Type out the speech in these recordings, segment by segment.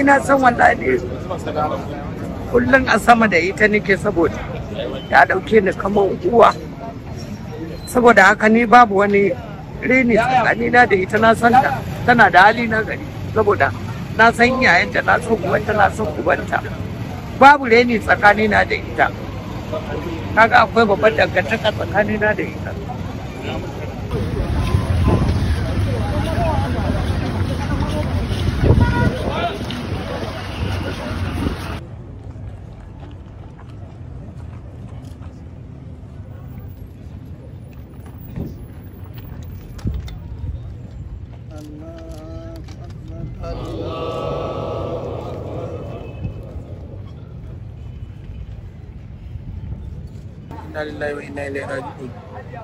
ina son wallahi kullum a sama da ita nake saboda ya dauke ni kamar uwa saboda haka ni babu wani reni tsakanina da ita na san ta tana da hali na gari saboda na san yayanta na san kubanta, na san kubanta, babu reni tsakanina da ita kaga akwai babban dangantaka tsakanina da ita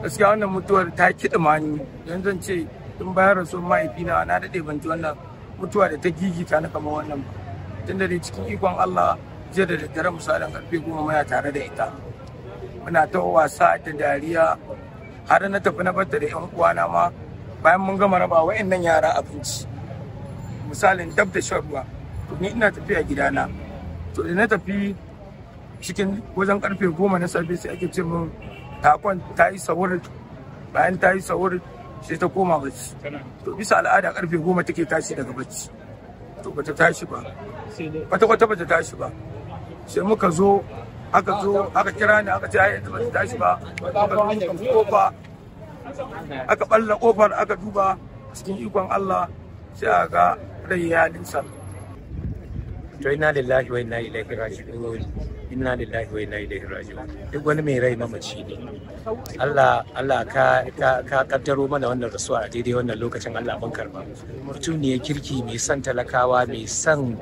gaskiya wannan mutuwar ta kiɗa ni yanzu zan ce tun bayan rasuwar mahaifina na na daɗe ban ji wannan mutuwa da ta gigita na kamar wannan ba tun da cikin ikon Allah jiya da daddare misalin karfe goma muna tare da ita muna ta wasa da dariya har na tafi na bata da yan uwana ma bayan mun gama raba nan yara abinci misalin dab da shan ruwa to ni ina tafiya gidana to da na tafi cikin wajen karfe goma na safe sai ake ce min takon ta yi sawar bayan ta yi sawar sai ta koma bacci to bisa al'ada karfe goma take tashi daga bacci to bata tashi ba kwata kwata bata tashi ba sai muka zo aka zo aka kira ni aka ce ai bata tashi ba muka zo kofa aka balla kofar aka duba cikin ikon Allah sai a ga rai to inna lillahi wa inna ilaihi raji'un inna lillahi wa inna ilaihi raji'un duk wani mai rai mamaci ne Allah Allah ka ka kaddaro mana wannan rasuwa a daidai wannan lokacin Allah ban karba mutum ne kirki mai son talakawa mai son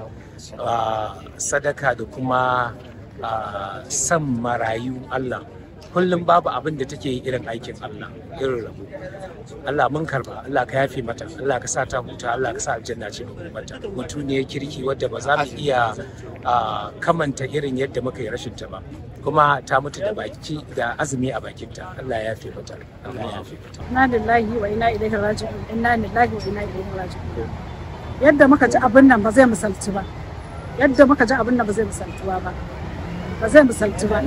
ah, sadaka da kuma ah, san marayu Allah kullum babu abin da take yi irin aikin Allah irin rabu. Allah mun karba Allah ka yafe mata Allah ka sa ta huta Allah ka sa aljanna ce ba mata mutu ne kirki wadda ba za mu iya kamanta irin yadda muka yi rashin ta ba kuma ta mutu da baki da azumi a bakinta Allah ya yafe mata Allah ya yafe mata inna lillahi wa inna ilaihi raji'un inna lillahi wa inna ilaihi raji'un yadda muka ji abin nan ba zai misalci ba yadda muka ji abin nan ba zai misaltuwa ba ba zai misalci ba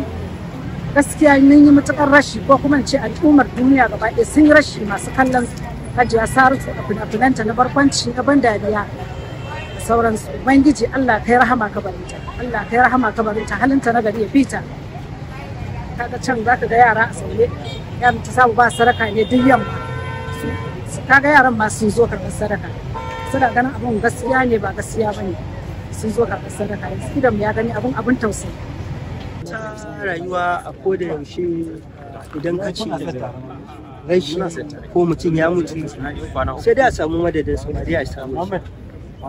gaskiya mun yi matukar rashi ko kuma ce al'ummar duniya gaba ɗaya sun yi rashi masu kallon hajiya saratu a fina-finanta na barkwanci na ban dariya da sauransu ubangiji allah kai rahama ka ta allah kai rahama ka ta halinta na gari ya fita kaga can za ka ga yara a sauye yaran ta samu ba saraka ne duk yamma kaga yaran ma sun zo karɓar sadaka suna ganin abun gaskiya ne ba gaskiya ba ne. sun zo karɓar sadaka yanzu idan ya gani abun abun tausayi rayuwa a koda yaushe idan ka ce rashi ko mutum ya mutu sai dai a samu madadin sa dai a samu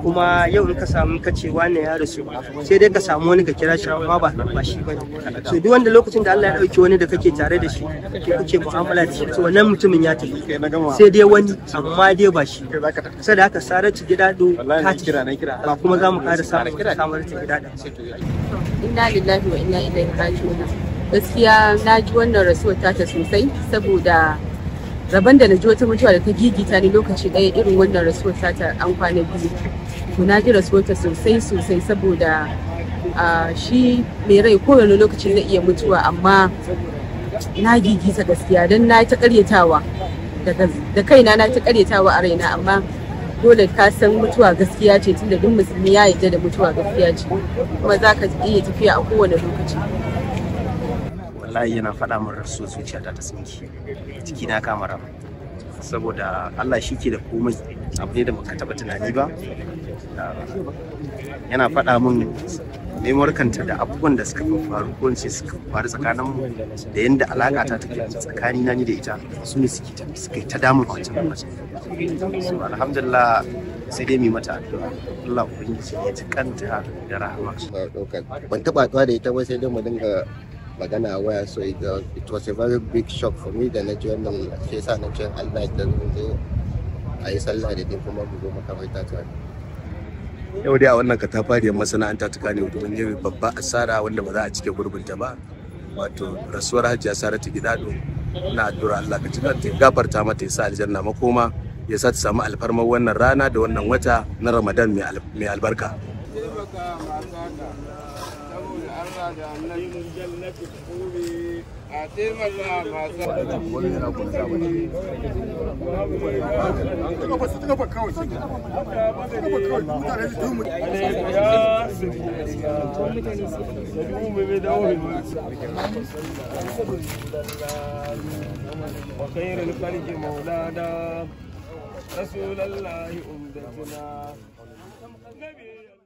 kuma yau in ka samu ka ce wane ya rasu sai dai ka samu wani ka kira shi amma ba ba shi bane so duk wanda lokacin da Allah ya dauki wani da kake tare da shi ke kuke mu'amala da shi to wannan mutumin ya tafi sai dai wani amma dai ba shi sai da haka saratu gida do ka kira na kira ba kuma za mu kada samu samar ta gida da inna lillahi wa inna ilaihi raji'un gaskiya na ji wannan rasuwar ta sosai saboda rabon da na ji wata mutuwa da ta gigita ni lokaci ɗaya irin wannan rasuwar ta an kwana biyu to na ji rasuwarta sosai sosai saboda shi mai rai kowane lokacin na iya mutuwa amma na gigita gaskiya don na ta karyatawa da kaina na ta karyatawa a raina amma dole ka san mutuwa gaskiya ce tunda duk musulmi ya yarda da mutuwa gaskiya ce kuma za ka iya tafiya a kowane lokaci wallahi yana faɗa min rasu zuciya ta tsinki ciki na kama rama saboda Allah shi ke da komai abu ne da muka taɓa tunani ba ah, yana faɗa min kanta da abubuwan da suka faru ko ce suka faru tsakanin mu da yadda alaƙa ta take tsakani na ni da ita su ne suke suka ta damun a wancan lokacin so alhamdulillah sai dai mai mata addu'a Allah ubangiji ya ji kanta da rahama ban taɓa da ita ba sai dai mu dinga magana a waya so it, uh, it was a very big shock for me da na ji wannan shi yasa na ce Allah da zo a yi sallah da din kuma mu zo makaranta yau dai a wannan katafariyar masana'anta ta kane domin ne babba asara wanda ba za a cike gurbinta ba wato rasuwar hajiya saratu ɗo na addu'a Allah ka cika ta gafarta mata ya sa aljanna makoma ya sa ta samu alfarmar wannan rana da wannan wata na Ramadan mai albarka. وخير الخلق مولانا رسول الله أمدتنا